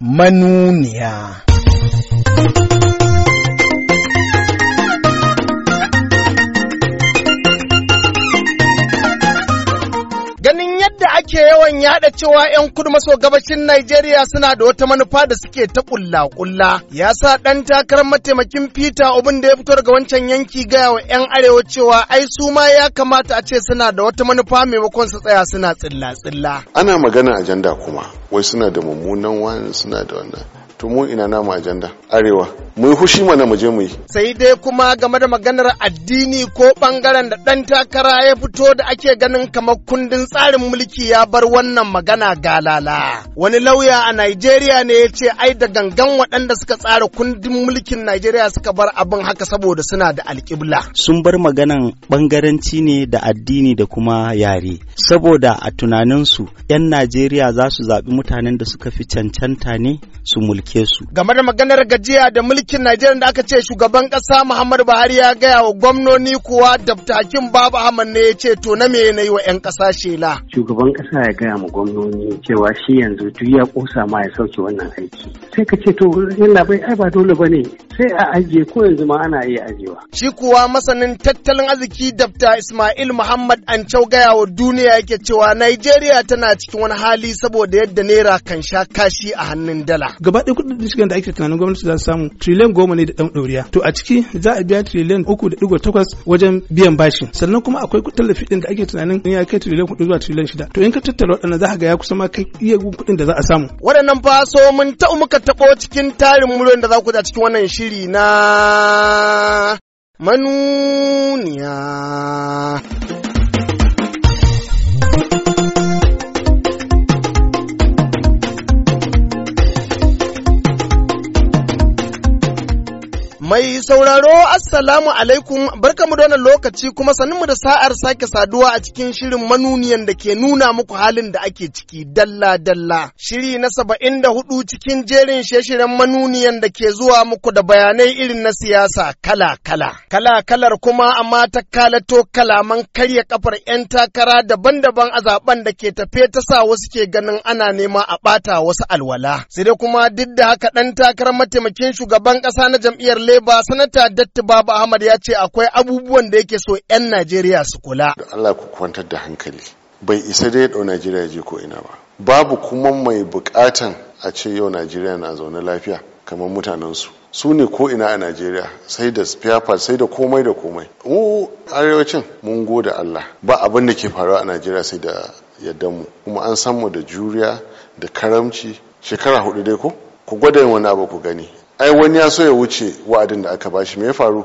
manuniya. ake yawan yada cewa 'yan kudu maso gabashin Najeriya suna da wata manufa da suke ta kulla kulla Ya sa ɗan takarar mataimakin Peter Obin da ya fito daga wancan yanki gaya wa 'yan arewa cewa ai su ma ya kamata a ce suna da wata manufa maimakon su tsaya suna tsilla tsilla. Ana magana ajanda kuma wai suna da mummunan wani suna da wannan. to mu ina namu ajanda arewa mu yi hushi mana mu je mu yi sai dai kuma game da maganar addini ko bangaren da dan takara ya fito da ake ganin kamar kundin tsarin mulki ya bar wannan magana galala wani lauya a Najeriya ne ya ce ai da gangan waɗanda suka tsara kundin mulkin Najeriya suka bar abin haka saboda suna da alƙibla sun bar maganan bangaranci ne da addini da kuma yare saboda a tunaninsu 'yan Najeriya za su zaɓi mutanen da suka fi cancanta ne su mulki taimake su. Game da maganar gajiya da mulkin Najeriya da aka ce shugaban ƙasa Muhammadu Buhari ya gaya wa gwamnoni kuwa da takin Babu Ahmad ne ya ce to na me na yi wa 'yan ƙasa shela. Shugaban ƙasa ya gaya ma gwamnoni cewa shi yanzu duk ya ƙosa ma ya sauke wannan aiki. Sai ka ce to yana bai ai ba dole ba ne sai a ajiye ko yanzu ma ana iya ajiyewa. Shi kuwa masanin tattalin arziki Dr. Ismail Muhammad Ancau gaya wa duniya yake cewa Najeriya tana cikin wani hali saboda yadda naira kan sha kashi a hannun dala. Gaba ɗaya kuɗin shigan da ake tunanin gwamnati za su samu triliyan goma ne da ɗan ɗoriya. To a ciki za a biya triliyan uku da ɗigo takwas wajen biyan bashi. Sannan kuma akwai tallafi ɗin da ake tunanin ya kai triliyan kuɗi zuwa triliyan shida. To in ka tattara waɗannan za ka ga ya kusa ma kai iya kuɗin da za a samu. Waɗannan fa so mun ta muka taɓo cikin tarin muryoyin da za ku da cikin wannan shi shiri na manuniya. Mai sauraro Assalamu alaikum barkamu da wannan lokaci kuma sanin mu da sa'ar sake saduwa a cikin shirin manuniyan da ke nuna muku halin da ake ciki dalla dalla. Shiri na saba'in da hudu cikin jerin shirin manuniyan da ke zuwa muku da bayanai irin na siyasa kala kala. Kala kalar kuma amma ta kalato kalaman karya kafar 'yan takara daban-daban a zaben da ke tafe ta sa wasu ke ganin ana nema a ɓata wasu alwala. Sai dai kuma duk da haka ɗan takarar mataimakin shugaban ƙasa na jam'iyyar Labour ba sanata datti baba ahmad ya ce akwai abubuwan da yake so 'yan najeriya su kula da allah ku kwantar da hankali bai isa dai ya dau najeriya je ko ina ba babu kuma mai bukatan a ce yau najeriya na zaune lafiya kamar mutanen su su ne ko ina a najeriya sai da fiyafa sai da komai da komai mu arewacin mun goda allah ba abin da ke faruwa a najeriya sai da yadda mu kuma an san mu da juriya da karamci shekara hudu dai ko ku gwada yin wani abu ku gani ai wani ya so ya wuce wa'adin da aka bashi me ya faru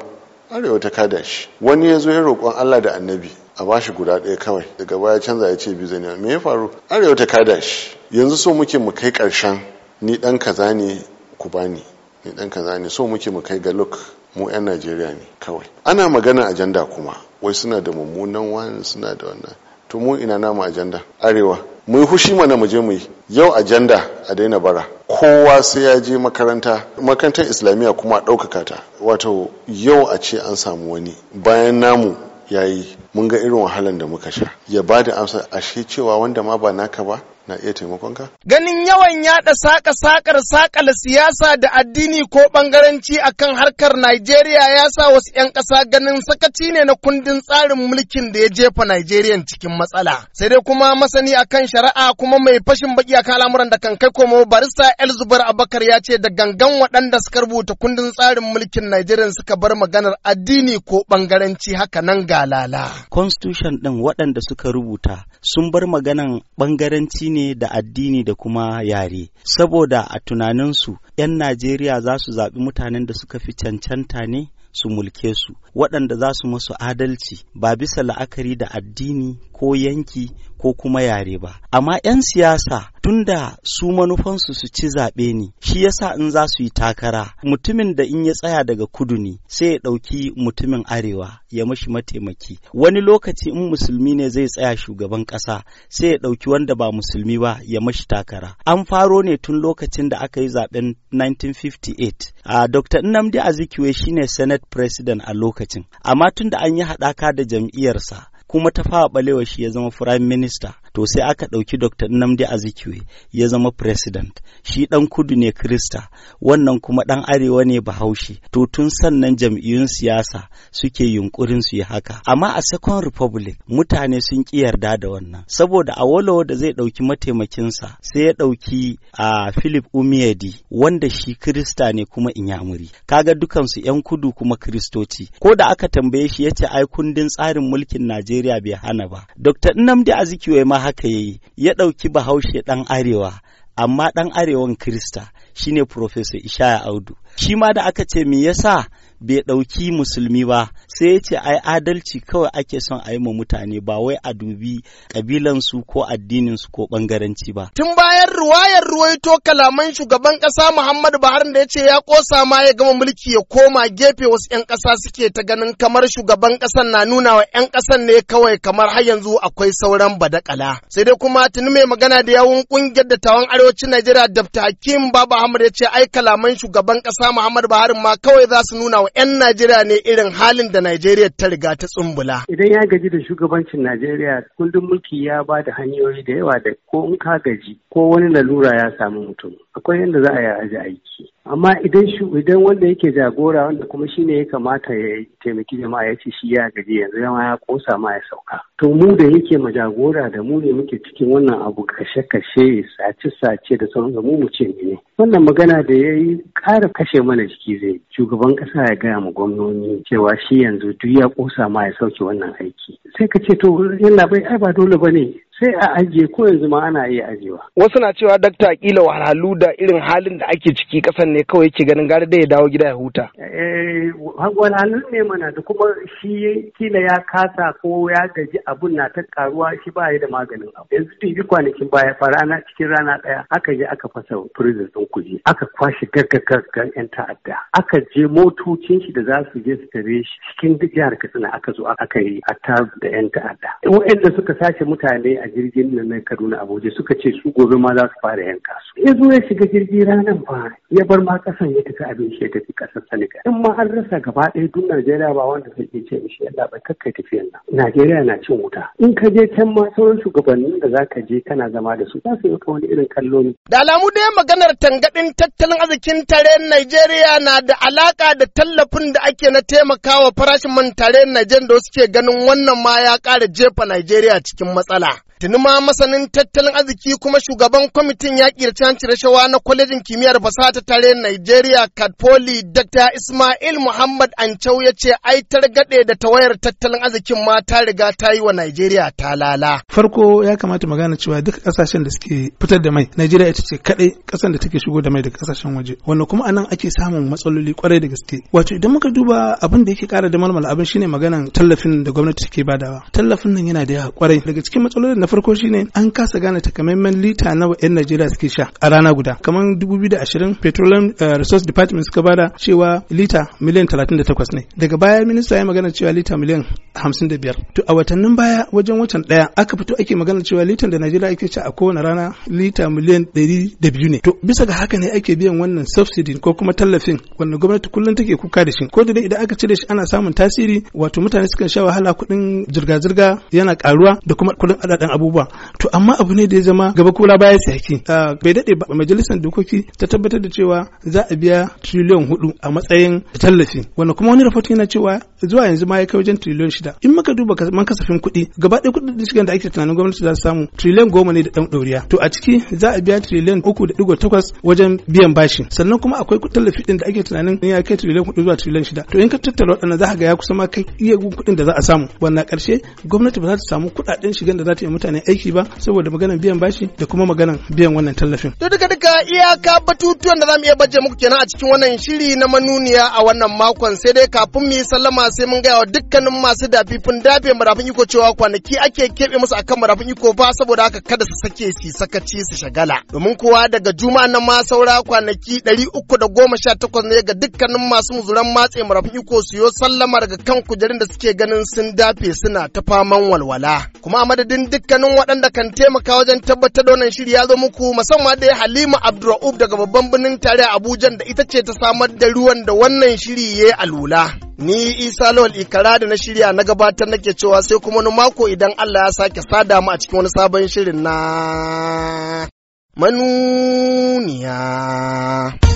arewa ta kada shi wani ya zo ya roƙon Allah da annabi a bashi guda ɗaya kawai daga baya canza ya ce bi zai me ya faru arewa ta kada shi yanzu so muke mu kai ƙarshen ni ɗan kaza ne ku bani ni ɗan kaza ne so muke mu kai ga luk mu 'yan najeriya ne kawai ana magana ajanda kuma wai suna da mummunan wani suna da wannan to mu ina nama ajanda arewa mu yi hushi mana mu je mu yi yau ajanda a daina bara kowa sai ya je makaranta makarantar islamiyya kuma ɗaukaka ta wato yau a ce an samu wani bayan namu yayi mun ga irin wahalar da muka sha ya ba da amsa ashe cewa wanda ma ba naka ba na iya taimakonka? Ganin yawan yada saka-sakar sakala siyasa da addini ko bangaranci akan harkar Najeriya ya sa wasu 'yan ƙasa ganin sakaci ne na kundin tsarin mulkin da ya jefa Najeriya cikin matsala. Sai dai kuma masani akan shari'a kuma mai fashin baki akan al'amuran da kan kai komo barista Elzubar Abakar ya ce da gangan waɗanda suka rubuta kundin tsarin mulkin Najeriya suka bar maganar addini ko bangaranci haka nan ga lala. Constitution ɗin waɗanda suka rubuta sun bar maganan bangaranci ne da addini da kuma yare saboda a tunaninsu 'yan najeriya za su zaɓi mutanen da suka fi cancanta ne su mulke su waɗanda za su masu adalci ba bisa la'akari da addini ko yanki ko kuma yare ba amma 'yan siyasa tunda su manufansu su ci zaɓe ne shi yasa in za su yi takara mutumin da in ya tsaya daga kudu ne sai ya ɗauki mutumin arewa ya mashi mataimaki wani lokaci in musulmi ne zai tsaya shugaban ƙasa sai ya ɗauki wanda ba musulmi ba ya mashi takara an faro ne tun lokacin da aka yi zaɓen 1958 a dr nnamdi azikiwe shine senate president a lokacin amma tun da an yi haɗaka da jam'iyyarsa kuma ta fara balewa shi ya zama firayim minista to sai aka ɗauki dr nnamdi azikiwe ya zama president shi ɗan kudu ne krista wannan kuma ɗan arewa ne bahaushe to tun sannan jam'iyyun siyasa suke yunkurin su yi haka amma a second republic mutane sun ƙi yarda da wannan saboda a awolowo da zai ɗauki mataimakinsa sai ya ɗauki a philip umiyadi wanda shi krista ne kuma inyamuri kaga dukansu 'yan kudu kuma kristoci ko da aka tambaye shi ya ce ai kundin tsarin mulkin najeriya bai hana ba dr nnamdi azikiwe ma haka yayi ya ɗauki bahaushe ɗan arewa amma ɗan arewan krista shine Professor Ishaya Audu. Shi ma da aka ce me yasa bai ɗauki musulmi ba sai ya ce ai adalci kawai ake son a yi ma mutane ba wai a dubi ƙabilansu ko addininsu ko ɓangaranci ba. Tun bayan ruwayar ruwaito kalaman shugaban ƙasa Muhammadu Buhari da ya ce ya ƙosa ma ya gama mulki ya koma gefe wasu 'yan ƙasa suke ta ganin kamar shugaban ƙasan na nuna wa 'yan ƙasan ne kawai kamar har yanzu akwai sauran badakala. Sai dai kuma tuni mai magana da yawun ƙungiyar tawan arewacin Najeriya Dr. Hakim Baba Ahmad ya ce ai kalaman shugaban ƙasa Muhammadu Buhari ma kawai za su nuna wa 'yan Najeriya ne irin halin da Najeriya ta riga ta tsumbula. Idan ya gaji da shugabancin Najeriya kundin mulki ya ba da hanyoyi da yawa da ko in ka gaji ko wani lalura ya samu mutum akwai yadda za a yi aji aiki. Amma idan idan wanda yake jagora wanda kuma shine ya kamata ya taimaki jama'a ya ce shi ya gaji yanzu ya kosa ma ya sauka. to mu da yake majagora jagora da mu ne muke cikin wannan abu kashe-kashe sace-sace da sauransu mu mu ce ne wannan magana da ya yi ƙara kashe mana jiki zai shugaban ƙasa ya gaya mu gwamnoni cewa shi yanzu duk ya ƙosa ma ya sauke wannan aiki sai ka ce to yalla bai ai ba dole ba ne sai a ajiye ko yanzu ma ana iya ajiyewa. Wasu na cewa dakta kila wahalhalu da irin halin da ake ciki kasan ne kawai yake ganin gari da ya dawo gida ya huta. Eh, Wahalhalun ne mana da kuma shi kila ya kasa ko ya gaji abun na ta karuwa shi ba ya da maganin abu. Yanzu dubi kwanakin baya rana cikin rana ɗaya aka je aka fasa prison ɗin kuje aka kwashe gaggagaggan 'yan ta'adda aka je motocin shi da za su je su tare shi cikin duk jihar Katsina aka zo aka yi a da 'yan ta'adda. Waɗanda suka sace mutane a jirgin nan na Kaduna Abuja suka ce su gobe ma za su fara yanka su. Ya zo ya shiga jirgi ranar ba ya bar ma kasan ya tafi abin shi ya tafi kasar Senegal. In ma an rasa gaba ɗaya duk Najeriya ba wanda take ce mishi Allah bai kakkai tafiyan nan. Najeriya na cin wuta. In ka je can ma sauran shugabannin da za ka je kana zama da su za su yi wani irin kallo ne. Da alamu dai maganar tangaɗin tattalin arzikin tare Najeriya na da alaka da tallafin da ake na taimakawa farashin man tare Najeriya da suke ganin wannan ma ya ƙara jefa Najeriya cikin matsala. Tuni masanin tattalin arziki kuma shugaban kwamitin yaƙi da canci rashawa na kwalejin kimiyyar fasaha ta tare Nigeria Katfoli Dr. Ismail Muhammad Ancau ya ce ai targaɗe da tawayar tattalin arzikin ma ta riga ta yi wa Nigeria ta lala. Farko ya kamata magana cewa duka ƙasashen da suke fitar da mai Najeriya ita ce kaɗai ƙasar da take shigo da mai daga ƙasashen waje wanda kuma anan ake samun matsaloli kwarai da gaske. Wato idan muka duba abin da yake ƙara da malmala abin shine maganan tallafin da gwamnati take badawa. Tallafin nan yana da yawa kwarai daga cikin matsalolin na farko shine an kasa gane takamaiman lita nawa 'yan Najeriya suke sha a rana guda. Kamar 2020 Petroleum eh, Resource Department suka bada cewa lita miliyan 38 ne. Daga baya minista ya magana cewa lita miliyan 55. To a watannin baya wajen watan daya aka fito ake magana cewa litan da Najeriya ake sha a kowane rana lita miliyan 102 ne. To bisa ga haka ne ake biyan wannan subsidy ko kuma tallafin wannan gwamnati kullum take kuka da shi. Ko da idan aka cire shi ana samun tasiri wato mutane sukan sha wahala kuɗin zirga-zirga yana karuwa da kuma kuɗin adadin abu abubuwa to amma abu ne da ya zama gaba kula baya tsaki ah, bai dade ba majalisar dokoki ta tabbatar da cewa za a biya triliyan hudu a matsayin tallafi wanda kuma wani rahoton yana cewa zuwa yanzu ma ya kai wajen triliyan shida in muka duba man kasafin kuɗi gaba ɗaya kuɗin da shigan da ake tunanin gwamnati za su samu triliyan goma ne da ɗan ɗoriya to a ciki za a biya triliyan uku da ɗigo takwas wajen biyan bashi sannan kuma akwai tallafi ɗin da ake tunanin ya kai triliyan hudu zuwa triliyan shida to in ka tattara waɗannan za ka ga ya kusa ma kai iya kuɗin da za a samu wannan ƙarshe gwamnati ba za ta samu kuɗaɗen shigan da za ta yi mutane aiki ba saboda maganan biyan bashi da kuma maganan biyan wannan tallafin. To duka duka iyaka batutuwan da zamu iya baje muku kenan a cikin wannan shiri na manuniya a wannan makon sai dai kafin mu yi sallama sai mun gaya wa dukkanin masu dafifin dafe marafin iko cewa kwanaki ake keɓe musu akan marafin iko ba saboda haka kada su sake su sakaci su shagala. Domin kowa daga juma na ma saura kwanaki ɗari uku da goma sha takwas ne ga dukkanin masu muzuran matse marafin iko su yo sallama daga kan kujerun da suke ganin sun dafe suna ta faman walwala. Kuma a madadin dukkan dukkanin waɗanda kan taimaka wajen tabbatar da wannan shiri ya zo muku musamman da Halima Abdurraub daga babban birnin tare Abuja da ita ce ta samar da ruwan da wannan shiri ya alula. Ni Isa Lawal Ikara da na shirya na gabatar nake cewa sai kuma wani mako idan Allah ya sake sada mu a cikin wani sabon shirin na manuniya.